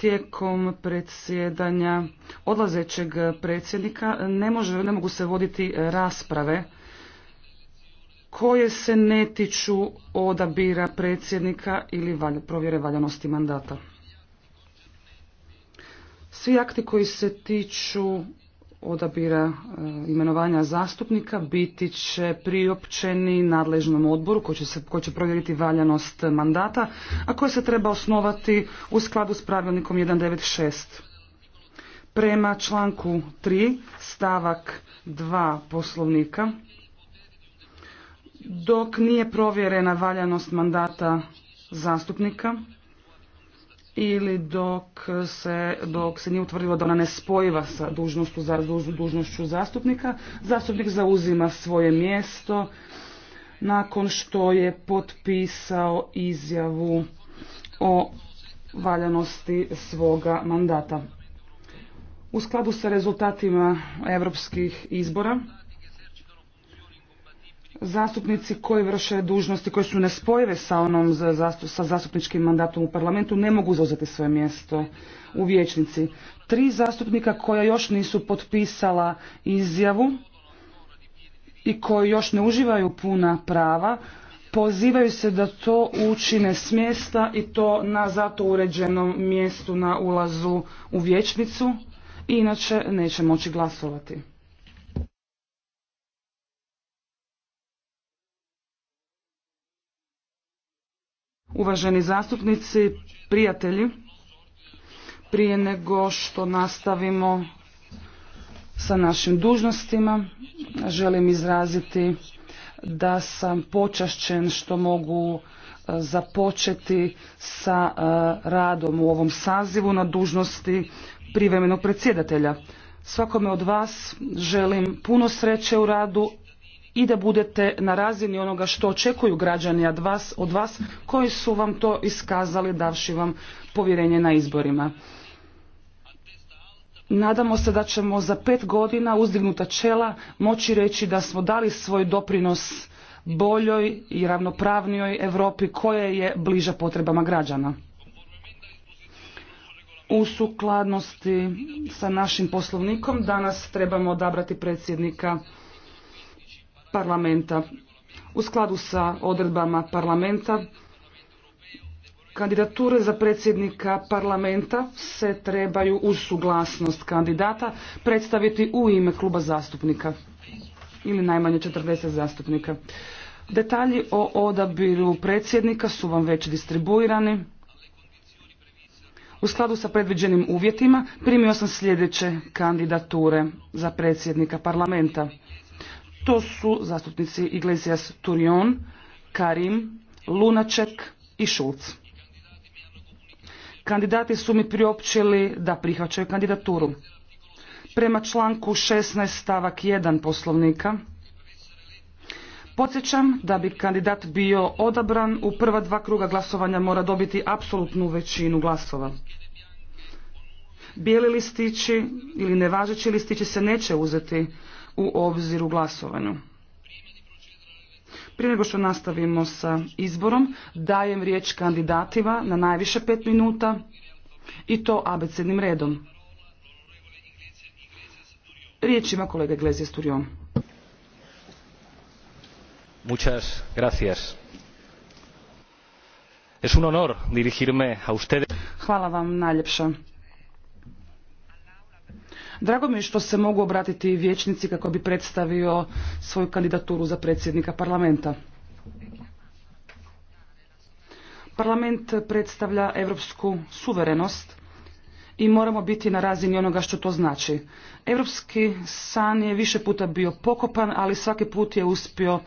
tijekom predsjedanja odlazećeg predsjednika ne, može, ne mogu se voditi rasprave koje se ne tiču odabira predsjednika ili valj, provjere valjanosti mandata. Svi akti koji se tiču odabira e, imenovanja zastupnika biti će priopćeni nadležnom odboru koji će, se, koji će provjeriti valjanost mandata, a koji se treba osnovati u skladu s pravilnikom 196. Prema članku 3 stavak 2 poslovnika, dok nije provjerena valjanost mandata zastupnika, ili dok se, dok se nije utvrdilo da ona ne spojiva sa dužnostu za, dužnošću zastupnika. Zastupnik zauzima svoje mjesto nakon što je potpisao izjavu o valjanosti svoga mandata. U skladu sa rezultatima europskih izbora zastupnici koji vrše dužnosti koji su nespojive sa onom sa zastupničkim mandatom u parlamentu ne mogu zauzeti svoje mjesto u vijećnici. Tri zastupnika koja još nisu potpisala izjavu i koji još ne uživaju puna prava pozivaju se da to učine s mjesta i to na zato uređenom mjestu na ulazu u vijećnicu inače neće moći glasovati. Uvaženi zastupnici, prijatelji, prije nego što nastavimo sa našim dužnostima, želim izraziti da sam počašćen što mogu e, započeti sa e, radom u ovom sazivu na dužnosti privremenog predsjedatelja. Svakome od vas želim puno sreće u radu, i da budete na razini onoga što očekuju građani od vas, od vas koji su vam to iskazali davši vam povjerenje na izborima. Nadamo se da ćemo za pet godina uzdignuta čela moći reći da smo dali svoj doprinos boljoj i ravnopravnijoj Europi koja je bliža potrebama građana. U sukladnosti sa našim poslovnikom danas trebamo odabrati predsjednika parlamenta. U skladu sa odredbama parlamenta, kandidature za predsjednika parlamenta se trebaju uz suglasnost kandidata predstaviti u ime kluba zastupnika ili najmanje 40 zastupnika. Detalji o odabiru predsjednika su vam već distribuirani. U skladu sa predviđenim uvjetima primio sam sljedeće kandidature za predsjednika parlamenta. To su zastupnici Iglesias Turion, Karim, Lunaček i Šulc. Kandidati su mi priopćili da prihvaćaju kandidaturu. Prema članku 16 stavak 1 poslovnika Podsjećam da bi kandidat bio odabran u prva dva kruga glasovanja mora dobiti apsolutnu većinu glasova. Bijeli listići ili nevažeći listići se neće uzeti u obzir u glasovanju. Prije nego što nastavimo sa izborom, dajem riječ kandidatima na najviše pet minuta i to abecednim redom. Riječ ima kolega Iglesias Sturion. Muchas gracias. Es un honor dirigirme a ustedes. Hvala vam najljepša. Drago mi je što se mogu obratiti vijećnici kako bi predstavio svoju kandidaturu za predsjednika parlamenta. Parlament predstavlja europsku suverenost i moramo biti na razini onoga što to znači. Europski san je više puta bio pokopan, ali svaki put je uspio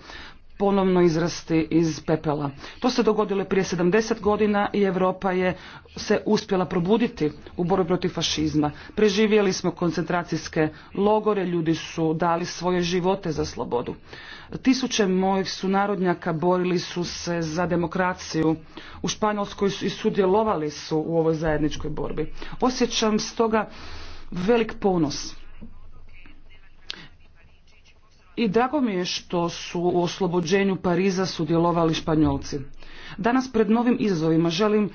ponovno izrasti iz pepela. To se dogodilo prije 70 godina i Europa je se uspjela probuditi u borbi protiv fašizma. Preživjeli smo koncentracijske logore, ljudi su dali svoje živote za slobodu. Tisuće mojih sunarodnjaka borili su se za demokraciju u Španjolskoj i sudjelovali su u ovoj zajedničkoj borbi. Osjećam stoga velik ponos i drago mi je što su u oslobođenju Pariza sudjelovali Španjolci. Danas pred novim izazovima želim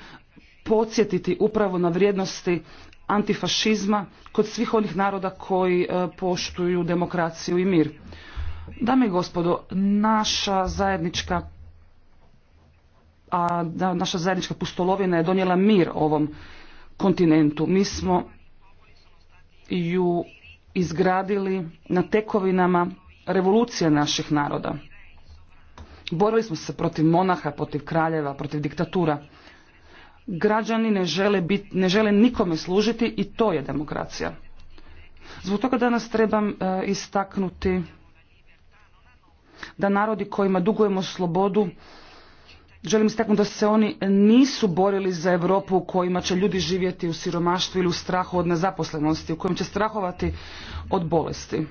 podsjetiti upravo na vrijednosti antifašizma kod svih onih naroda koji e, poštuju demokraciju i mir. Dame i gospodo, naša zajednička a naša zajednička pustolovina je donijela mir ovom kontinentu. Mi smo ju izgradili na tekovinama revolucije naših naroda. Borili smo se protiv monaha, protiv kraljeva, protiv diktatura. Građani ne žele, bit, ne žele nikome služiti i to je demokracija. Zbog toga danas trebam e, istaknuti da narodi kojima dugujemo slobodu želim istaknuti da se oni nisu borili za Europu u kojima će ljudi živjeti u siromaštvu ili u strahu od nezaposlenosti, u kojem će strahovati od bolesti.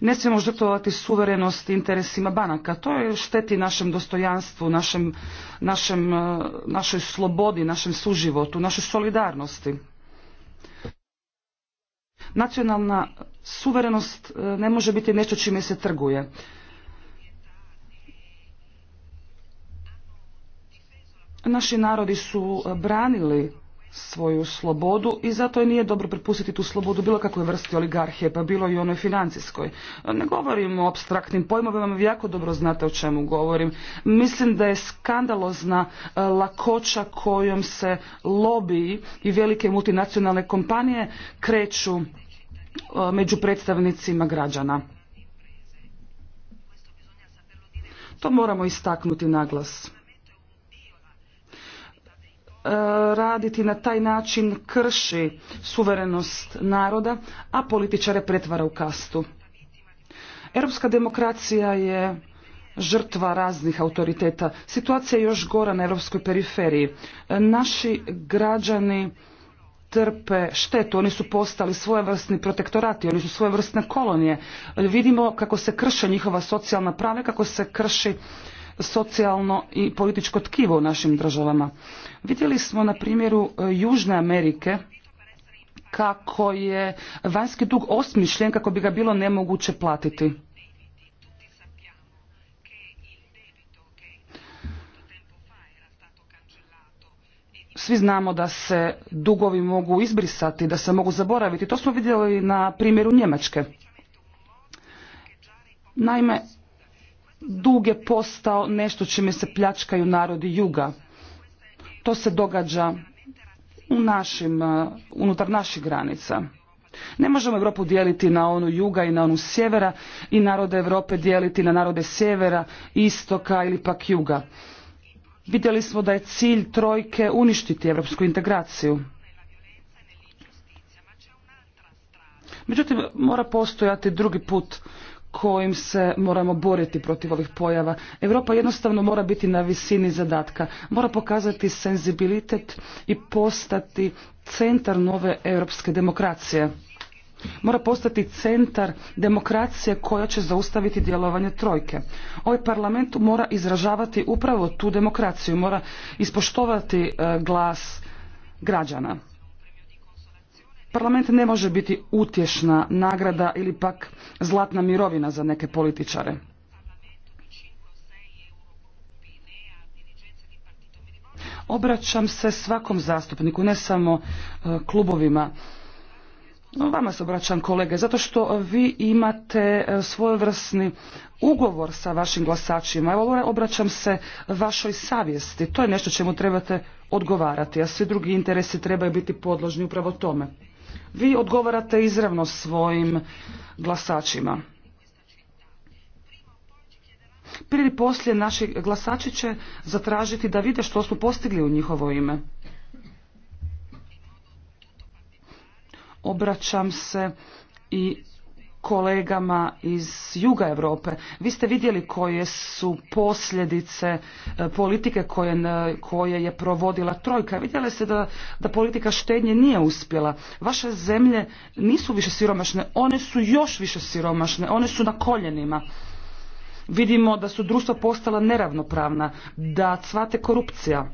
Ne smijemo žrtvovati suverenost interesima banaka. To je šteti našem dostojanstvu, našem, našem, eh, našoj slobodi, našem suživotu, našoj solidarnosti. Nacionalna suverenost eh, ne može biti nešto čime se trguje. Naši narodi su eh, branili svoju slobodu i zato je nije dobro prepustiti tu slobodu bilo kakvoj vrsti oligarhije, pa bilo i onoj financijskoj. Ne govorim o abstraktnim pojmovima, vi jako dobro znate o čemu govorim. Mislim da je skandalozna e, lakoća kojom se lobiji i velike multinacionalne kompanije kreću e, među predstavnicima građana. To moramo istaknuti naglas. E, raditi na taj način krši suverenost naroda, a političare pretvara u kastu. Europska demokracija je žrtva raznih autoriteta. Situacija je još gora na europskoj periferiji. Naši građani trpe štetu, oni su postali svojevrsni protektorati, oni su svojevrsne kolonije. Vidimo kako se krše njihova socijalna prava, kako se krši socijalno i političko tkivo u našim državama. Vidjeli smo na primjeru e, Južne Amerike kako je vanjski dug osmišljen kako bi ga bilo nemoguće platiti. Svi znamo da se dugovi mogu izbrisati, da se mogu zaboraviti. To smo vidjeli na primjeru Njemačke. Naime, dug je postao nešto čime se pljačkaju narodi juga. To se događa u našim, uh, unutar naših granica. Ne možemo Europu dijeliti na onu juga i na onu sjevera i narode Europe dijeliti na narode sjevera, istoka ili pak juga. Vidjeli smo da je cilj trojke uništiti europsku integraciju. Međutim, mora postojati drugi put kojim se moramo boriti protiv ovih pojava. Europa jednostavno mora biti na visini zadatka, mora pokazati senzibilitet i postati centar nove europske demokracije. Mora postati centar demokracije koja će zaustaviti djelovanje trojke. Ovaj parlament mora izražavati upravo tu demokraciju, mora ispoštovati e, glas građana. Parlament ne može biti utješna nagrada ili pak zlatna mirovina za neke političare. Obraćam se svakom zastupniku, ne samo e, klubovima. Vama se obraćam kolege, zato što vi imate e, svojevrsni ugovor sa vašim glasačima. Evo, obraćam se vašoj savjesti. To je nešto čemu trebate odgovarati, a svi drugi interesi trebaju biti podložni upravo tome vi odgovarate izravno svojim glasačima. Prije ili poslije naši glasači će zatražiti da vide što smo postigli u njihovo ime. Obraćam se i kolegama iz juga Europe. Vi ste vidjeli koje su posljedice e, politike koje, koje je provodila trojka. Vidjeli ste da, da politika štednje nije uspjela. Vaše zemlje nisu više siromašne, one su još više siromašne, one su na koljenima. Vidimo da su društva postala neravnopravna, da cvate korupcija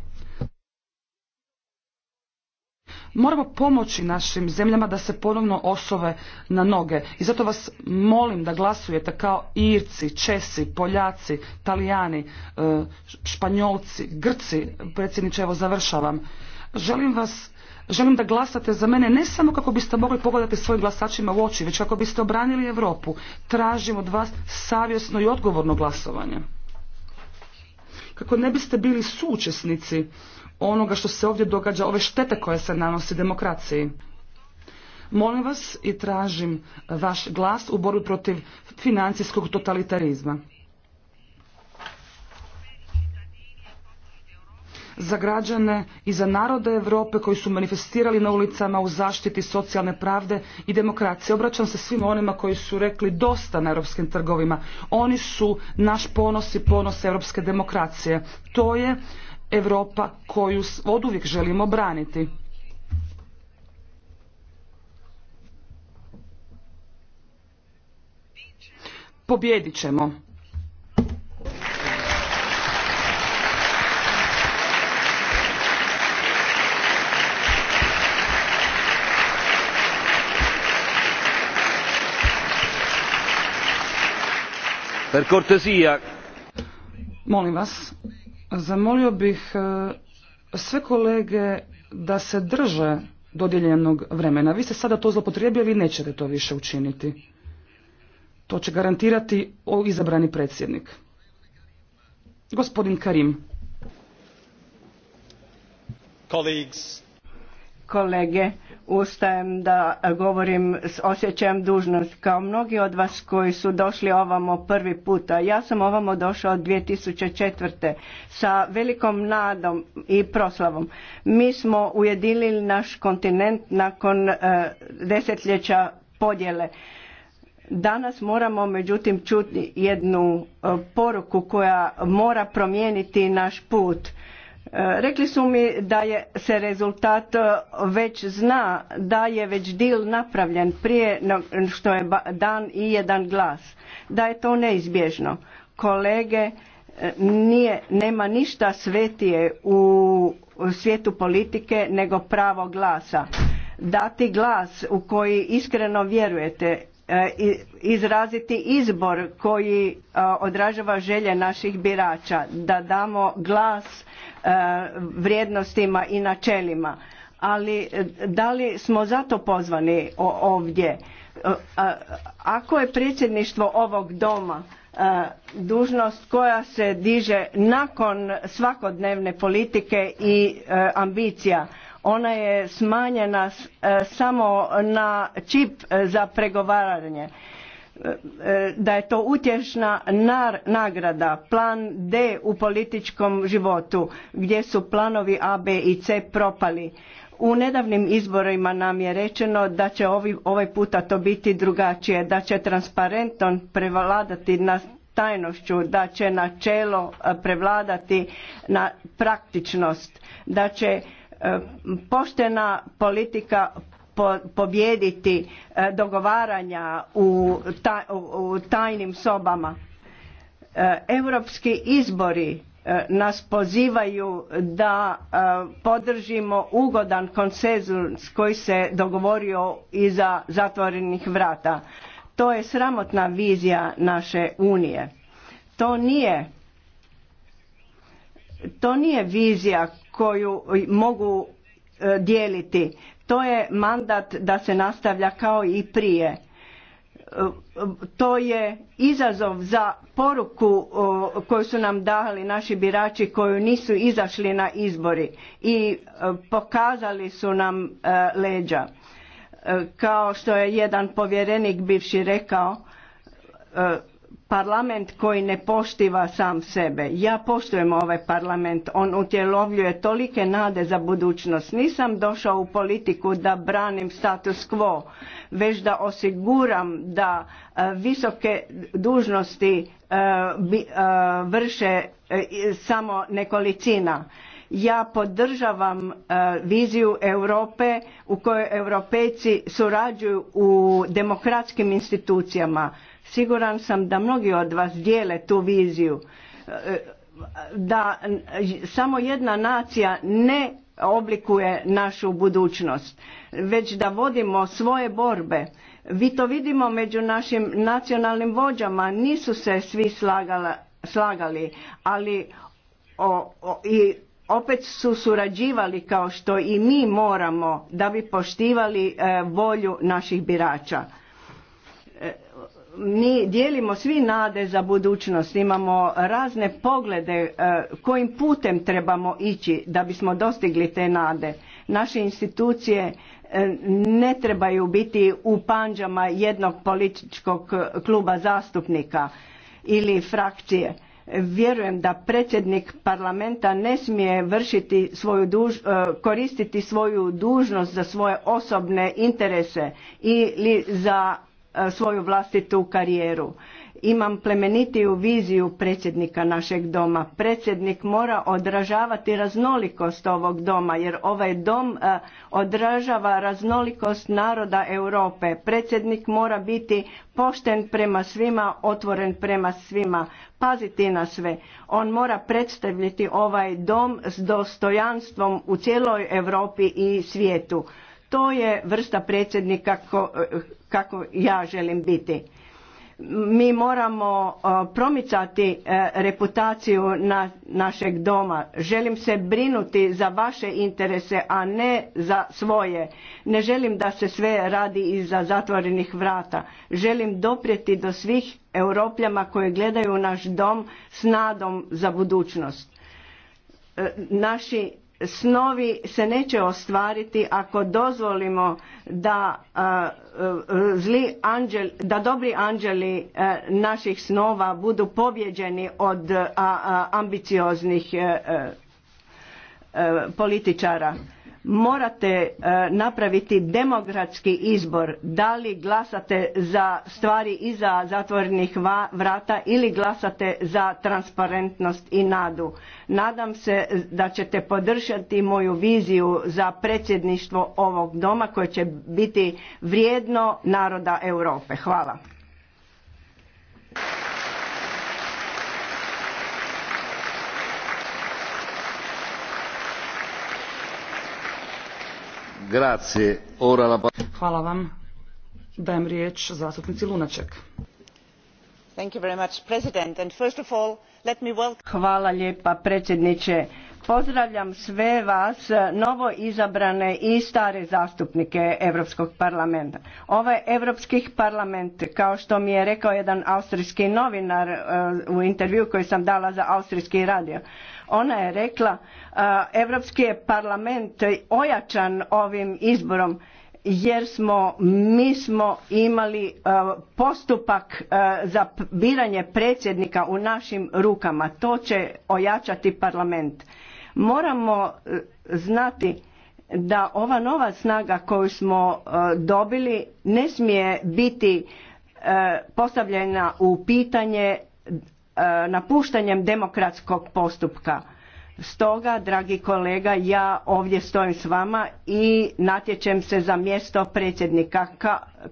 Moramo pomoći našim zemljama da se ponovno osove na noge i zato vas molim da glasujete kao Irci, Česi, Poljaci, Talijani, e, Španjolci, Grci, predsjedniče, evo završavam. Želim vas Želim da glasate za mene ne samo kako biste mogli pogledati svojim glasačima u oči, već kako biste obranili Europu. Tražim od vas savjesno i odgovorno glasovanje kako ne biste bili suučesnici onoga što se ovdje događa, ove štete koje se nanosi demokraciji. Molim vas i tražim vaš glas u borbi protiv financijskog totalitarizma. za građane i za narode Europe koji su manifestirali na ulicama u zaštiti socijalne pravde i demokracije. Obraćam se svima onima koji su rekli dosta na europskim trgovima. Oni su naš ponos i ponos europske demokracije. To je Europa koju uvijek želimo braniti. Pobjedit ćemo. Per cortesia. Molim vas, zamolio bih e, sve kolege da se drže dodijeljenog vremena. Vi ste sada to zlopotrijebili i nećete to više učiniti. To će garantirati o izabrani predsjednik. Gospodin Karim kolege, ustajem da govorim s osjećajem dužnost kao mnogi od vas koji su došli ovamo prvi puta. Ja sam ovamo došao 2004. sa velikom nadom i proslavom. Mi smo ujedinili naš kontinent nakon e, desetljeća podjele. Danas moramo međutim čuti jednu e, poruku koja mora promijeniti naš put Rekli su mi da je se rezultat e, već zna, da je već dil napravljen prije što je dan i jedan glas, da je to neizbježno. Kolege, e, nije, nema ništa svetije u svijetu politike nego pravo glasa. Dati glas u koji iskreno vjerujete E, izraziti izbor koji e, odražava želje naših birača da damo glas e, vrijednostima i načelima ali da li smo zato pozvani ovdje ako je predsjedništvo ovog doma dužnost koja se diže nakon svakodnevne politike i ambicija ona je smanjena e, samo na čip e, za pregovaranje e, da je to utješna nar nagrada, plan D u političkom životu, gdje su planovi A, B i C propali. U nedavnim izborima nam je rečeno da će ovi, ovaj puta to biti drugačije, da će transparenton prevladati na tajnošću, da će načelo prevladati na praktičnost, da će poštena politika pobijediti e, dogovaranja u, tajnim sobama. E, europski izbori e, nas pozivaju da podržimo ugodan konsenzus koji se dogovorio iza zatvorenih vrata. To je sramotna vizija naše unije. To nije to nije vizija koju mogu e, dijeliti. To je mandat da se nastavlja kao i prije. E, to je izazov za poruku koju su nam dali naši birači koju nisu izašli na izbori i e, pokazali su nam leđa. Kao što je jedan povjerenik bivši rekao, parlament koji ne poštiva sam sebe. Ja poštujem ovaj parlament, on utjelovljuje tolike nade za budućnost. Nisam došao u politiku da branim status quo, već da osiguram da e, visoke dužnosti e, e, vrše samo nekolicina. Ja podržavam viziju Europe u kojoj europejci surađuju u demokratskim institucijama Siguran sam da mnogi od vas dijele tu viziju e, da samo jedna nacija ne oblikuje našu budućnost, već da vodimo svoje borbe. Vi to vidimo među našim nacionalnim vođama, nisu se svi slagali, ali i opet su surađivali kao što i mi moramo da bi poštivali e, volju naših birača mi dijelimo svi nade za budućnost, imamo razne poglede e, kojim putem trebamo ići da bismo dostigli te nade. Naše institucije e, ne trebaju biti u panđama jednog političkog kluba zastupnika ili frakcije. Vjerujem da predsjednik parlamenta ne smije vršiti svoju duž, e, koristiti svoju dužnost za svoje osobne interese ili za E, svoju vlastitu karijeru. Imam plemenitiju viziju predsjednika našeg doma. Predsjednik mora odražavati raznolikost ovog doma, jer ovaj dom e, odražava raznolikost naroda Europe. Predsjednik mora biti pošten prema svima, otvoren prema svima, paziti na sve. On mora predstavljati ovaj dom s dostojanstvom u cijeloj Europi i svijetu. To je vrsta predsjednika eh, kako, ja želim biti. Mi moramo eh, promicati eh, reputaciju našeg doma. Želim se brinuti za vaše interese, a ne za svoje. Ne želim da se sve radi iza zatvorenih vrata. Želim doprijeti do svih europljama koje gledaju naš dom s nadom za budućnost. Naši snovi se neće ostvariti ako dozvolimo da zli da dobri anđeli naših snova budu pobjeđeni od ambicioznih političara morate e, napraviti demokratski izbor da li glasate za stvari iza zatvorenih vrata ili glasate za transparentnost i nadu. Nadam se da ćete podržati moju viziju za predsjedništvo ovog doma koje će biti vrijedno naroda Europe. Hvala. Pa- Hvala vam. zastupnici Lunaček. Hvala lijepa predsjedniče. Pozdravljam sve vas, eh, novo izabrane i stare zastupnike Europskog parlamenta. Ovaj Europski parlament, kao što mi je rekao jedan austrijski novinar eh, u intervju koji sam dala za austrijski radio, ona je rekla Europski je parlament ojačan ovim izborom jer smo mi smo imali postupak za biranje predsjednika u našim rukama. To će ojačati parlament. Moramo e, znati da ova nova snaga koju smo e, dobili ne smije biti e, postavljena u pitanje E, napuštanjem demokratskog postupka. Stoga, dragi kolega, ja ovdje stojim s vama i natječem se za mjesto predsjednika.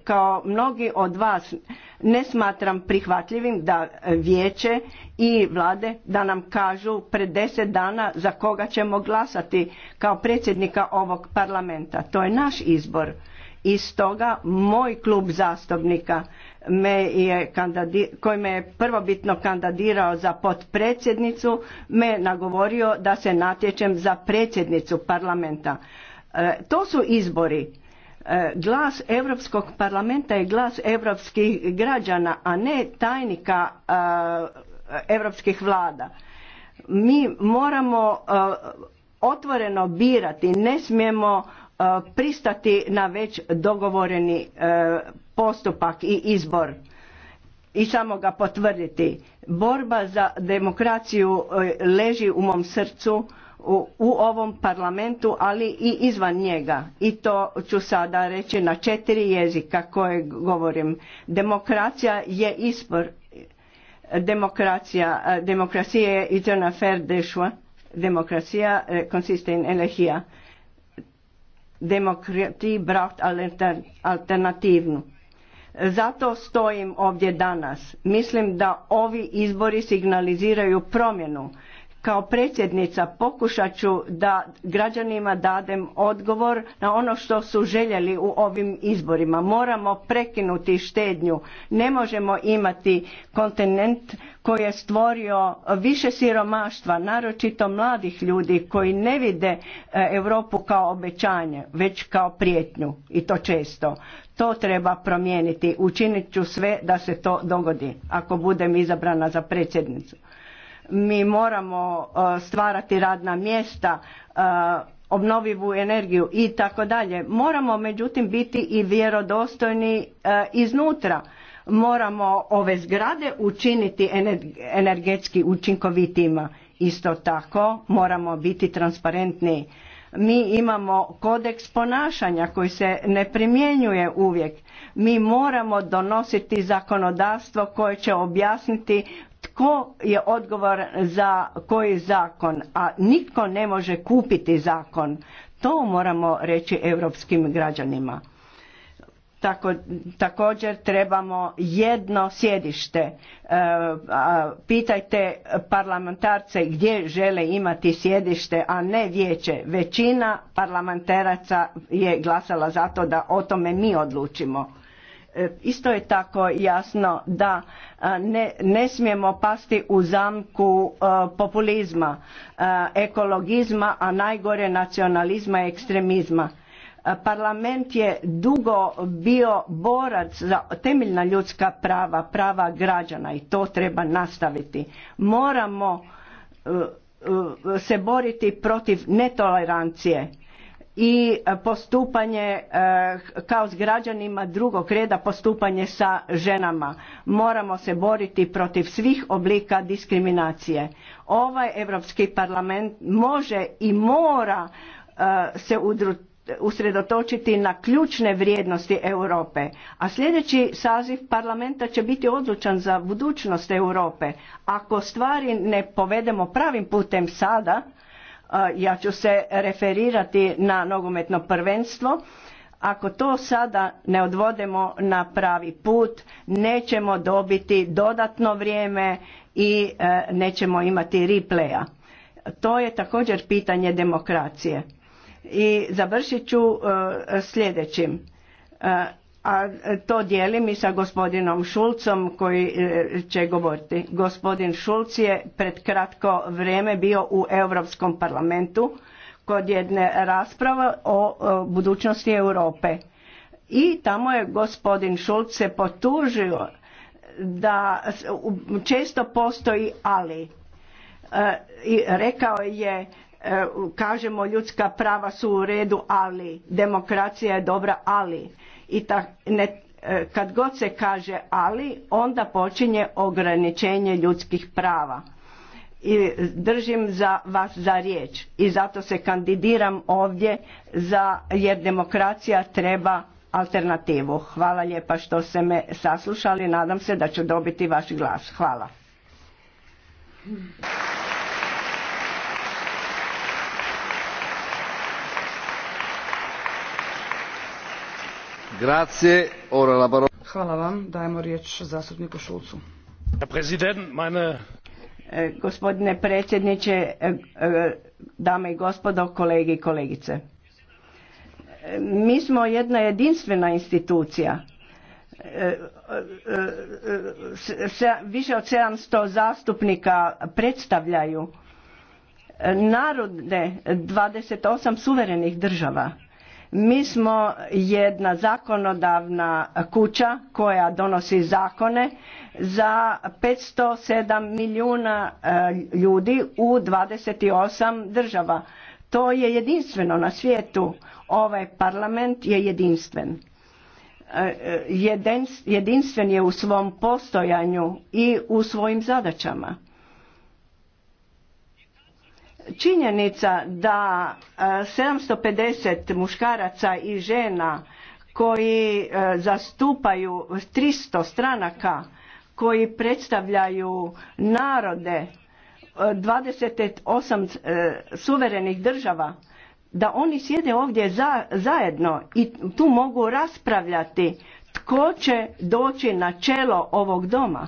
kao mnogi od vas ne smatram prihvatljivim da vijeće i vlade da nam kažu pred deset dana za koga ćemo glasati kao predsjednika ovog parlamenta. To je naš izbor. I stoga moj klub zastupnika me je koji me je prvobitno kandidirao za potpredsjednicu me nagovorio da se natječem za predsjednicu parlamenta. E, to su izbori. E, glas Europskog parlamenta je glas europskih građana, a ne tajnika e, europskih vlada. Mi moramo otvoreno birati, ne smijemo pristati na već dogovoreni postupak i izbor i samo ga potvrditi. Borba za demokraciju e, leži u mom srcu u, ovom parlamentu, ali i izvan njega. I to ću sada reći na četiri jezika koje govorim. Demokracija je izbor. Demokracija, e, demokracija je i fer dešva. Demokracija konsiste e, in elehija. Demokrati brat alternativnu. Zato stojim ovdje danas. Mislim da ovi izbori signaliziraju promjenu kao predsjednica pokušat ću da građanima dadem odgovor na ono što su željeli u ovim izborima. Moramo prekinuti štednju. Ne možemo imati kontinent koji je stvorio više siromaštva, naročito mladih ljudi koji ne vide e, Europu kao obećanje, već kao prijetnju i to često. To treba promijeniti. Učinit ću sve da se to dogodi ako budem izabrana za predsjednicu. Mi moramo e, stvarati radna mjesta, e, obnovivu energiju i tako dalje. Moramo međutim biti i vjerodostojni e, iznutra. Moramo ove zgrade učiniti energetski učinkovitima. Isto tako moramo biti transparentni. Mi imamo kodeks ponašanja koji se ne primjenjuje uvijek. Mi moramo donositi zakonodavstvo koje će objasniti tko je odgovor za koji zakon, a nitko ne može kupiti zakon. To moramo reći europskim građanima. Tako, također trebamo jedno sjedište. E, a, pitajte parlamentarce gdje žele imati sjedište, a ne vijeće. Većina parlamentaraca je glasala za to da o tome mi odlučimo E, isto je tako jasno da ne, smijemo pasti u zamku e, populizma, e, ekologizma, a najgore nacionalizma i ekstremizma. Parlament je dugo bio borac za temeljna ljudska prava, prava građana i to treba nastaviti. Moramo se boriti protiv netolerancije i e, postupanje e, kao s građanima drugog reda postupanje sa ženama. Moramo se boriti protiv svih oblika diskriminacije. Ovaj Europski parlament može i mora e, se usredotočiti na ključne vrijednosti Europe. A sljedeći saziv parlamenta će biti odlučan za budućnost Europe. Ako stvari ne povedemo pravim putem sada, ja ću se referirati na nogometno prvenstvo ako to sada ne odvodimo na pravi put nećemo dobiti dodatno vrijeme i e, nećemo imati replaya to je također pitanje demokracije i završit ću e, sljedećim e, a to dijelim i sa gospodinom Šulcom koji e, će govoriti. Gospodin Šulc je pred kratko vrijeme bio u Europskom parlamentu kod jedne rasprave o budućnosti Europe. I tamo je gospodin Šulc se potužio da često postoji ali. E, I rekao je e, kažemo ljudska prava su u redu ali, demokracija je dobra ali i ta, e, kad god se kaže ali onda počinje ograničenje ljudskih prava i držim za vas za riječ i zato se kandidiram ovdje za jer demokracija treba alternativu. Hvala lijepa što ste me saslušali, nadam se da ću dobiti vaš glas. Hvala. vam. Dajemo riječ e, gospodine predsjedniče, e, e, dame i gospodo, kolege i kolegice. Mi smo jedna jedinstvena institucija. Se, više od 700 zastupnika predstavljaju narode 28 suverenih država mi smo jedna zakonodavna kuća koja donosi zakone za 507 milijuna e, ljudi u 28 država. To je jedinstveno na svijetu. Ovaj parlament je jedinstven. E, e, jedinstven je u svom postojanju i u svojim zadaćama. Činjenica da 750 e, muškaraca i žena koji e, zastupaju 300 stranaka koji predstavljaju narode 28 e, suverenih država da oni sjede ovdje zajedno i tu mogu raspravljati tko će doći na čelo ovog doma.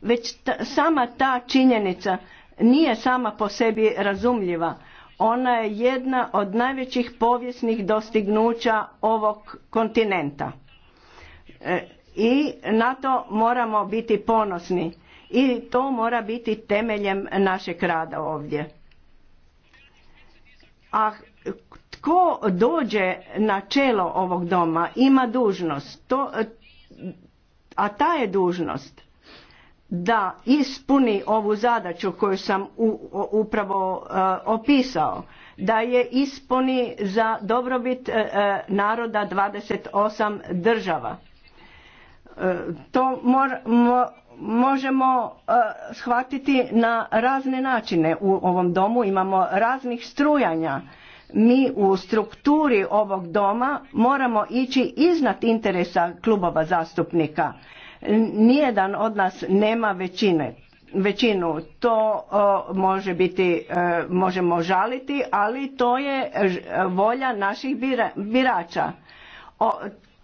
Već sama ta činjenica nije sama po sebi razumljiva. Ona je jedna od najvećih povijesnih dostignuća ovog kontinenta. E, I na to moramo biti ponosni. I to mora biti temeljem našeg rada ovdje. A tko dođe na čelo ovog doma ima dužnost. To, a ta je dužnost da ispuni ovu zadaću koju sam upravo e, opisao da je ispuni za dobrobit e, e, naroda 28 država to možemo shvatiti na razne načine u ovom domu imamo raznih strujanja mi u strukturi ovog doma moramo ići iznad interesa klubova zastupnika Nijedan od nas nema većine. Većinu to može biti, e, možemo žaliti, ali to je volja naših birača.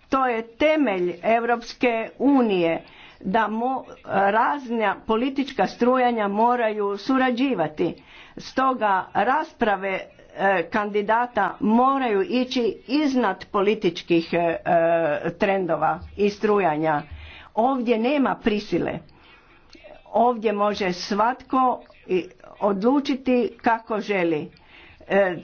to je temelj Europske unije da mo, razna politička strujanja moraju surađivati. Stoga rasprave e, kandidata moraju ići iznad političkih e, trendova i strujanja Ovdje nema prisile. Ovdje može svatko odlučiti kako želi. E, e,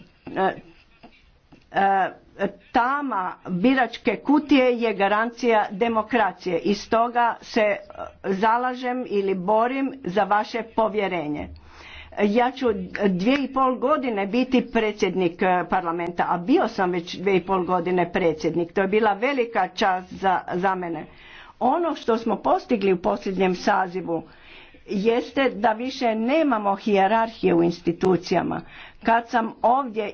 e, tama biračke kutije je garancija demokracije i stoga se zalažem ili borim za vaše povjerenje. Ja ću dvije i pol godine biti predsjednik parlamenta, a bio sam već dvije i pol godine predsjednik. To je bila velika čast za mene. Ono što smo postigli u posljednjem sazivu jeste da više nemamo hijerarhije u institucijama. Kad sam ovdje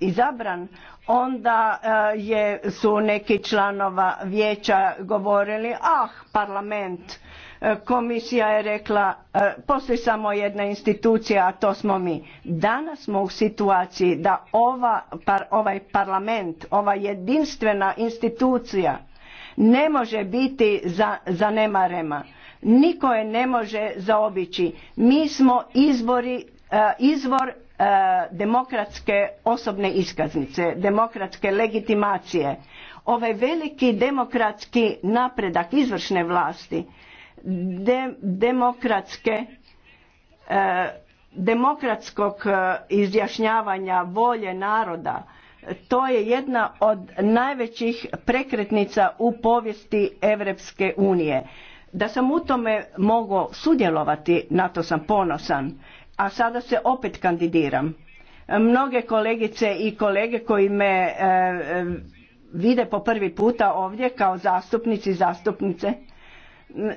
izabran, onda e, je, su neki članova vijeća govorili, ah, parlament, e, komisija je rekla, e, postoji samo jedna institucija, a to smo mi. Danas smo u situaciji da ovaj parlament, ova jedinstvena institucija, ne može biti zanemarena niko je ne može zaobići mi smo e, izvor e, demokratske osobne iskaznice demokratske legitimacije ovaj veliki demokratski napredak izvršne vlasti demokratske e, demokratskog izjašnjavanja volje naroda to je jedna od najvećih prekretnica u povijesti Europske unije. Da sam u tome mogao sudjelovati, na to sam ponosan, a sada se opet kandidiram. Mnoge kolegice i kolege koji me e, e, vide po prvi puta ovdje kao zastupnici i zastupnice e,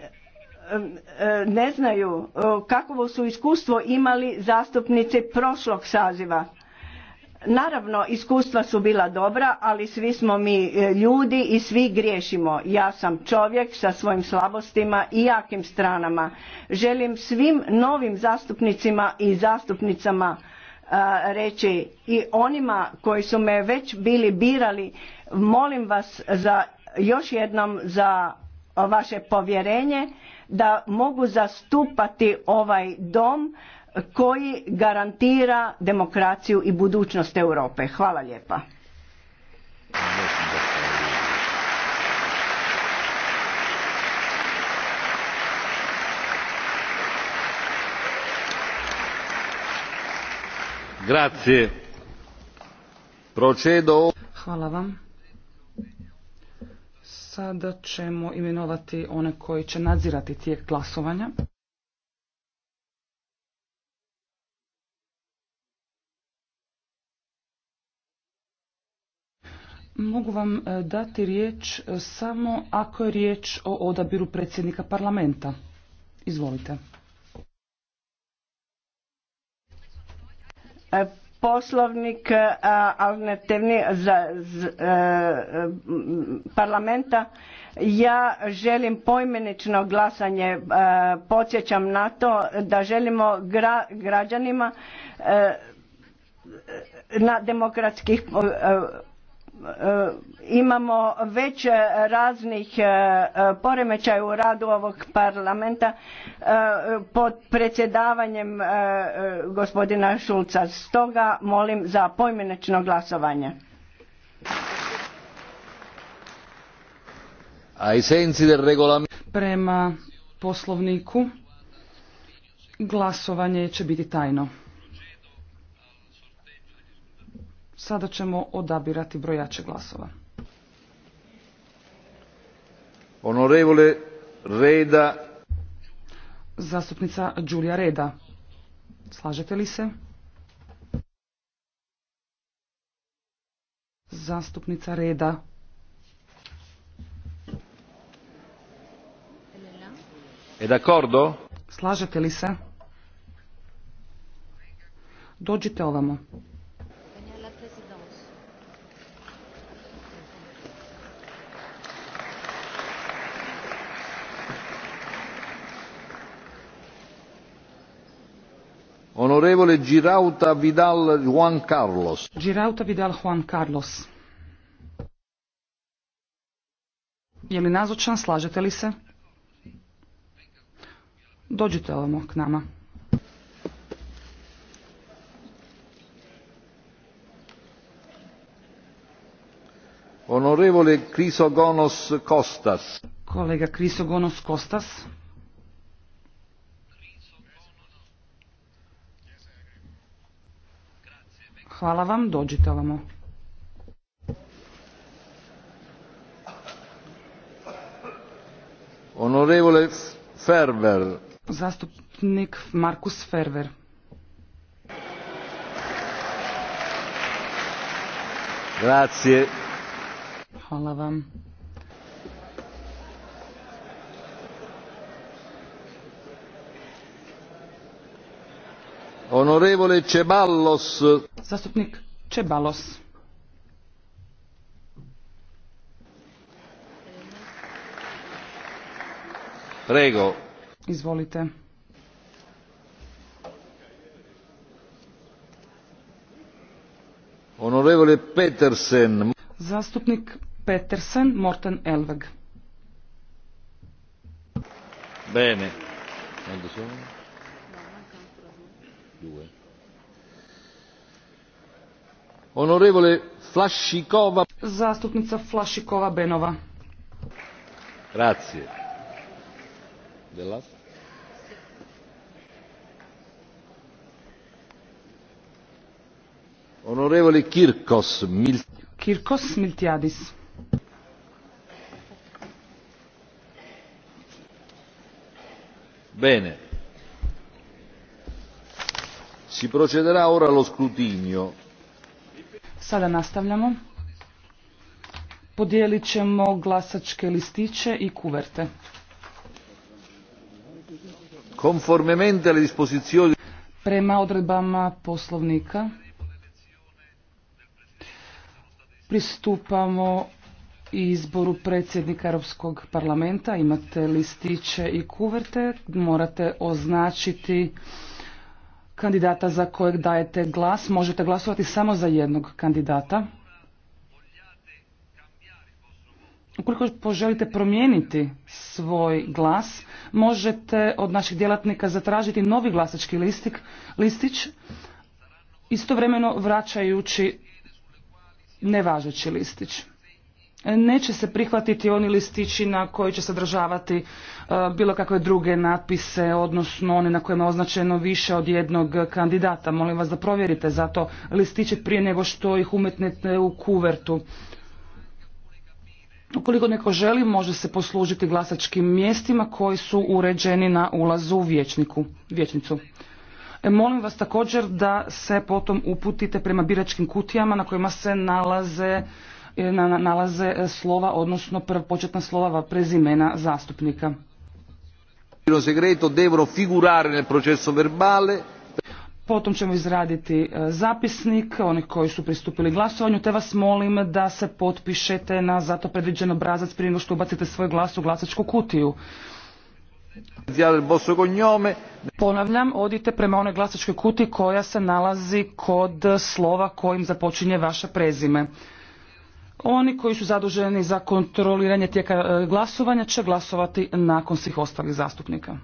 ne znaju kakvo su iskustvo imali zastupnici prošlog saziva Naravno, iskustva su bila dobra, ali svi smo mi e, ljudi i svi griješimo. Ja sam čovjek sa svojim slabostima i jakim stranama. Želim svim novim zastupnicima i zastupnicama e, reći i onima koji su me već bili birali, molim vas za, još jednom za vaše povjerenje da mogu zastupati ovaj dom koji garantira demokraciju i budućnost Europe. Hvala lijepa. Hvala vam. Sada ćemo imenovati one koji će nadzirati tijek glasovanja. Mogu vam e, dati riječ e, samo ako je riječ o odabiru predsjednika parlamenta. Izvolite. E, poslovnik alternativni za, parlamenta. Ja želim pojmenično glasanje. podsjećam na to da želimo građanima na demokratskih Eh, imamo već raznih eh, poremećaja u radu ovog parlamenta eh, pod predsjedavanjem gospodina Šulca. Stoga molim za poimenično glasovanje. Prema poslovniku glasovanje će biti tajno. Sada ćemo odabirati brojače glasova. Honorevole Reda. Zastupnica Đulja Reda. Slažete li se? Zastupnica Reda. E d'accordo? Slažete li se? Dođite ovamo. Onorevole Girauta Vidal Juan Carlos. Girauta Vidal Juan Carlos. Je li nazočan? Slažete li se? Dođite ovamo k nama. Onorevole Crisogonos Kostas. Kolega Crisogonos Kostas. Hvala vam, dođite ovamo. Onorevole Ferber. Zastupnik Markus Ferber. Grazie. Hvala vam. Onorevole Čebalos. Zastupnik Čebalos. Prego. Izvolite. Onorevole Petersen. Zastupnik Petersen, Morten Elveg. Bene due. Onorevole Flašikova. Zastupnica Flašikova Benova. Grazie. Della... Onorevole Kirkos, Mil... Kirkos Miltiadis. Bene. Si procederà ora Sada nastavljamo. Podijelit ćemo glasačke listiće i kuverte. prema odredbama poslovnika pristupamo izboru predsjednika Europskog parlamenta. Imate listiće i kuverte, morate označiti kandidata za kojeg dajete glas. Možete glasovati samo za jednog kandidata. Ukoliko poželite promijeniti svoj glas, možete od naših djelatnika zatražiti novi glasački listik, listić, istovremeno vraćajući nevažeći listić neće se prihvatiti oni listići na koji će sadržavati e, bilo kakve druge natpise, odnosno one na kojima je označeno više od jednog kandidata. Molim vas da provjerite zato listiće prije nego što ih umetnete u kuvertu. Ukoliko neko želi, može se poslužiti glasačkim mjestima koji su uređeni na ulazu u vječniku, vječnicu. E, molim vas također da se potom uputite prema biračkim kutijama na kojima se nalaze nalaze e, slova, odnosno početna slova prezimena zastupnika. Potom ćemo izraditi e, zapisnik, oni koji su pristupili glasovanju, te vas molim da se potpišete na zato predviđen obrazac prije nego što ubacite svoj glas u glasačku kutiju. Ponavljam, odite prema onoj glasačkoj kuti koja se nalazi kod slova kojim započinje vaše prezime. Oni koji su zaduženi za kontroliranje tijeka e, glasovanja će glasovati nakon svih ostalih zastupnika.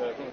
da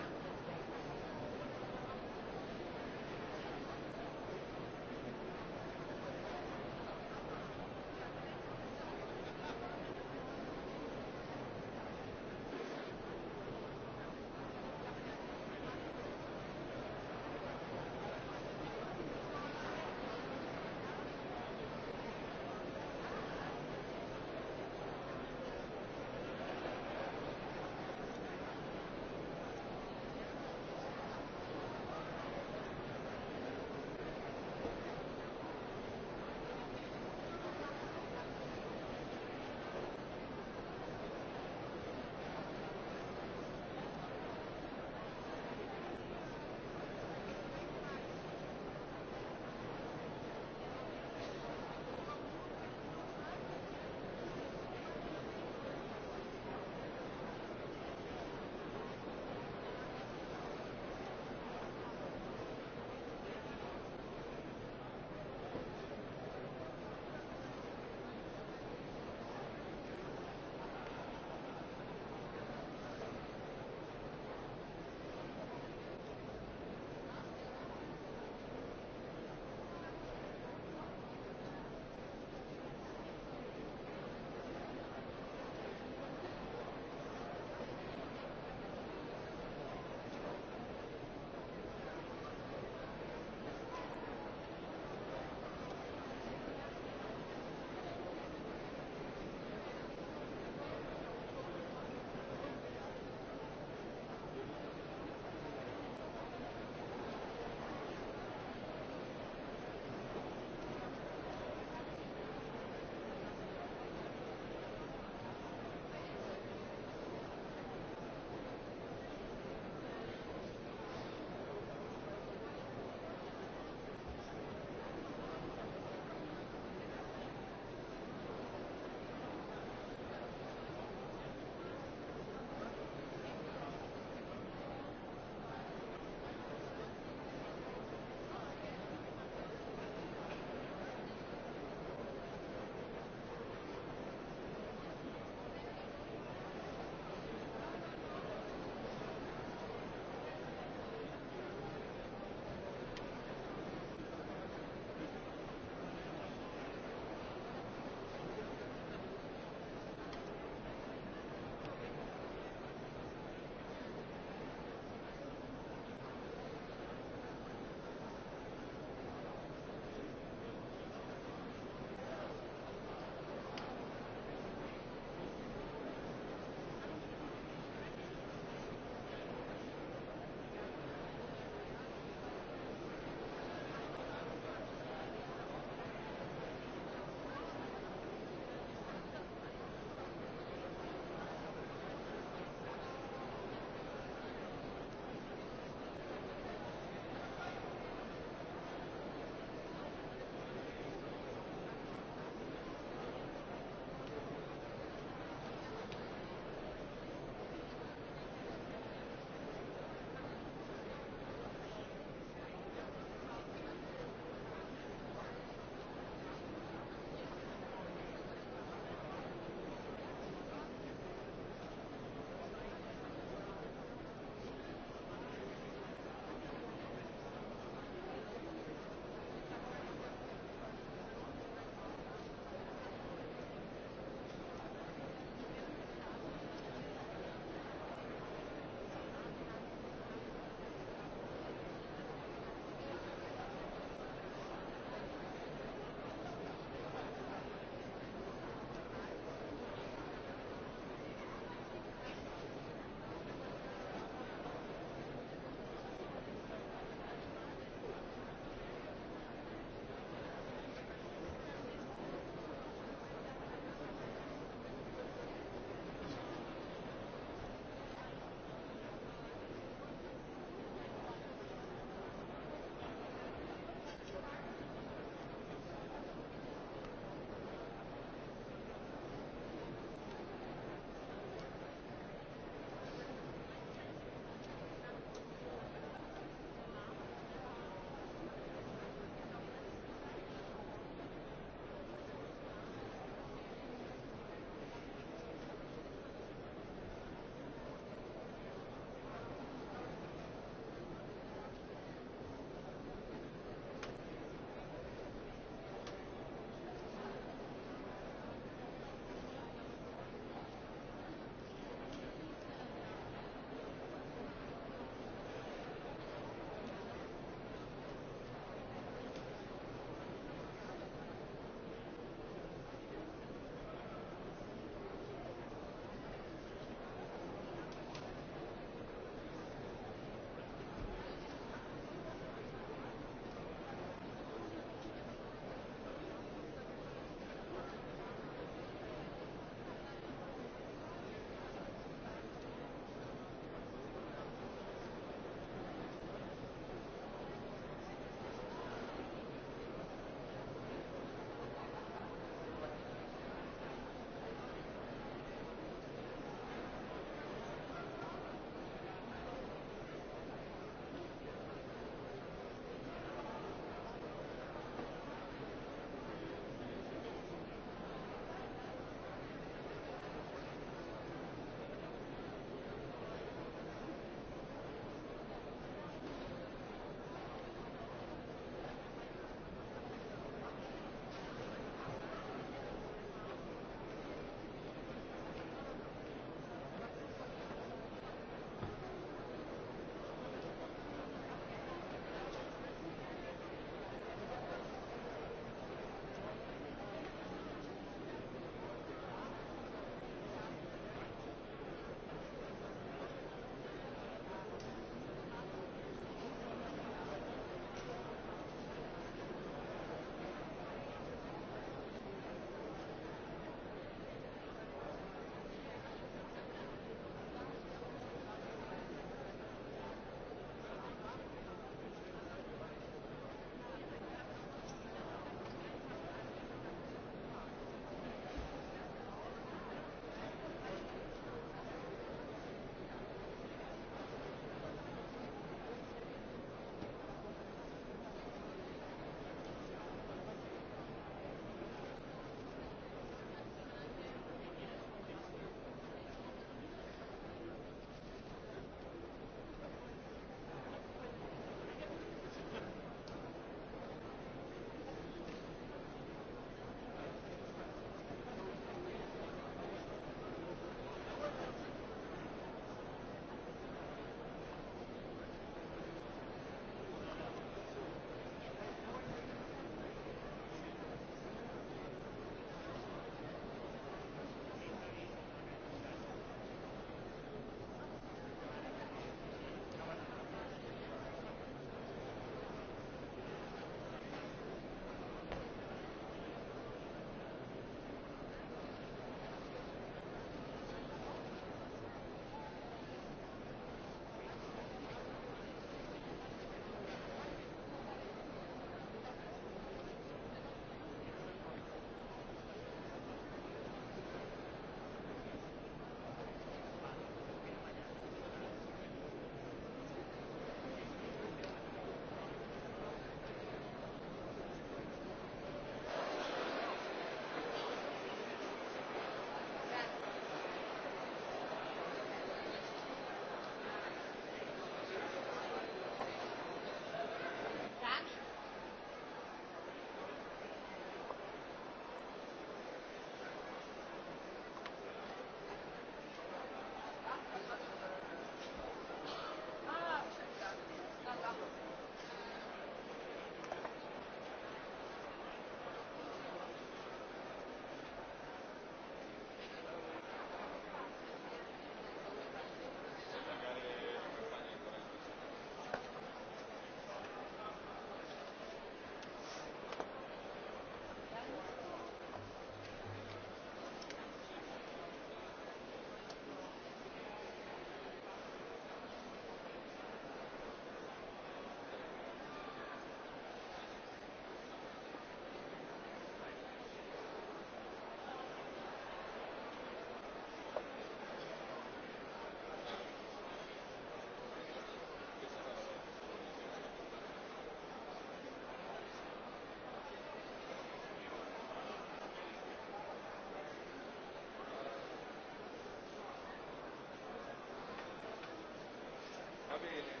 bene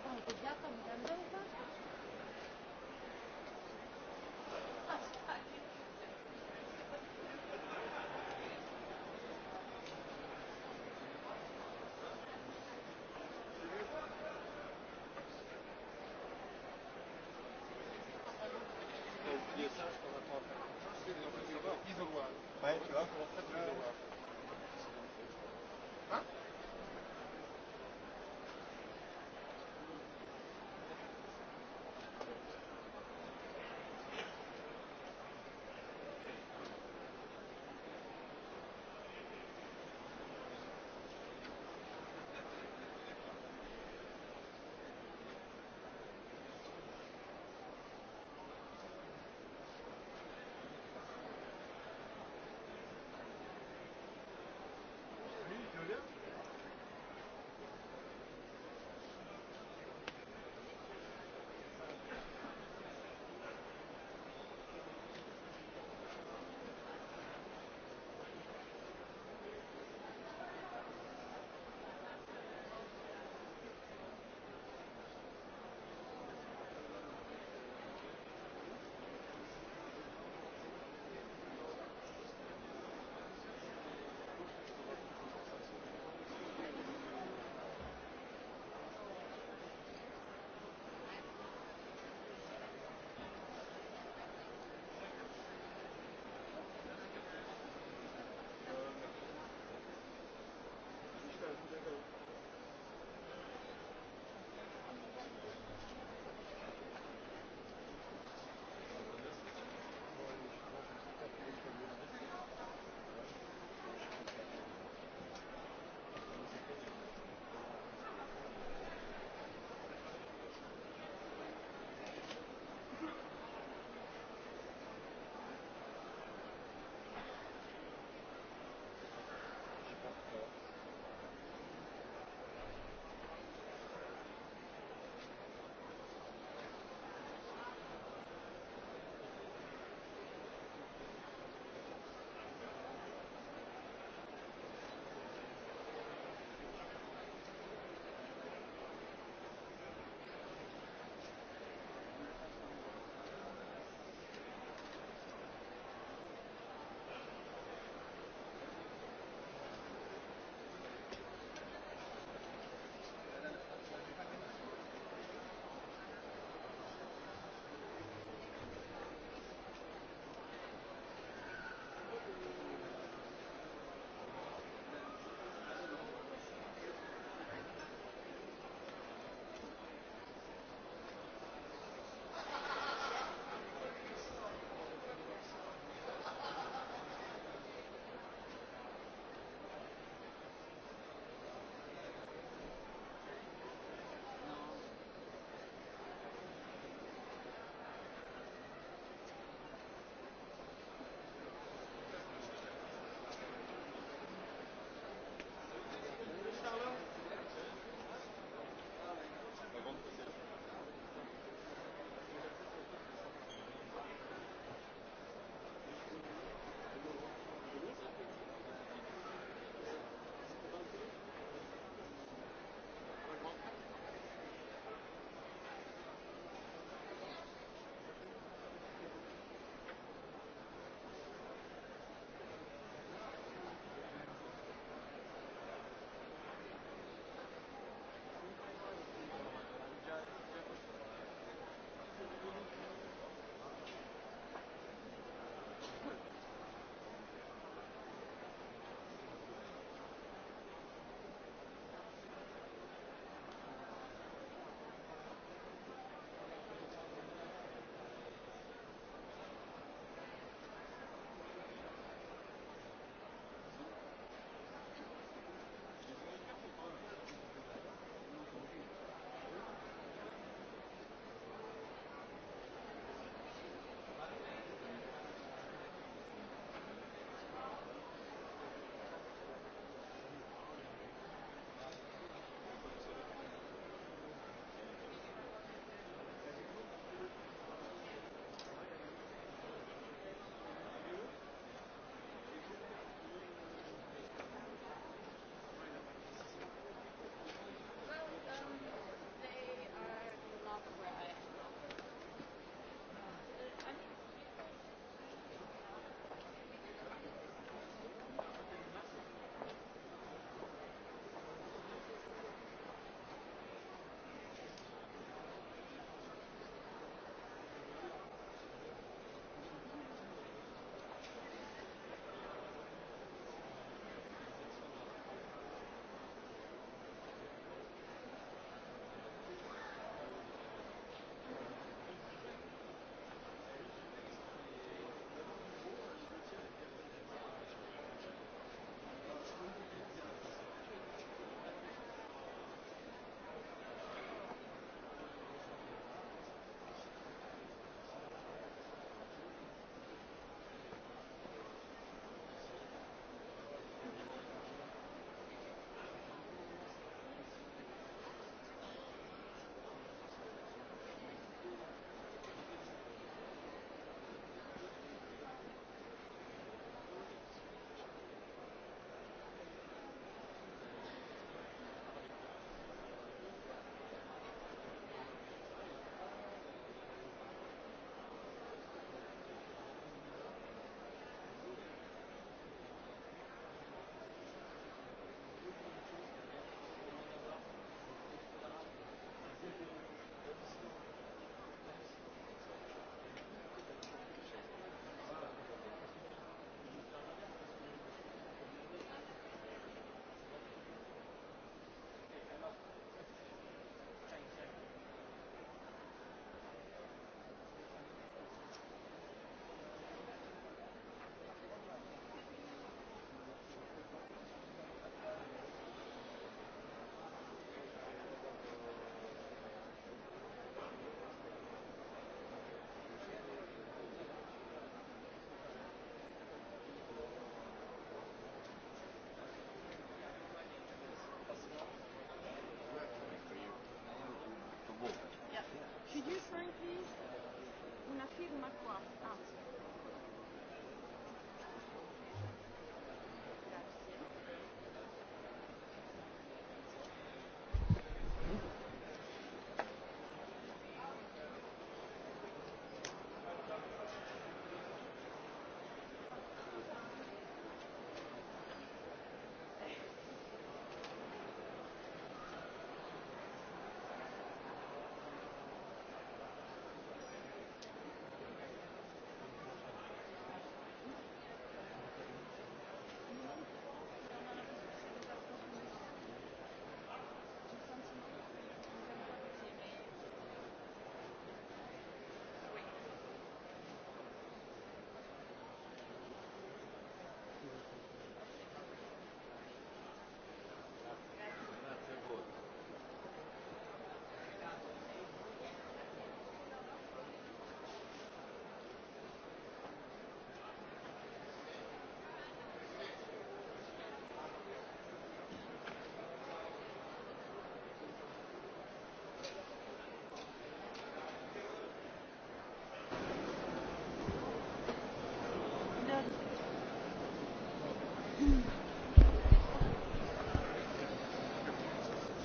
con el na ma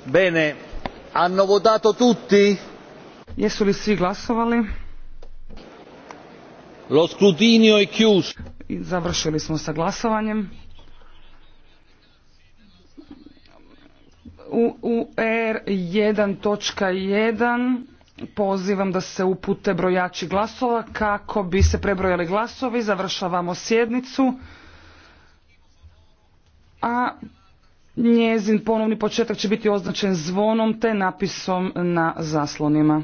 Bene, hanno votato tutti? Jesu li svi glasovali? Lo Završili smo sa glasovanjem. U, u R1.1 er, pozivam da se upute brojači glasova kako bi se prebrojali glasovi. Završavamo sjednicu. Njezin ponovni početak će biti označen zvonom te napisom na zaslonima.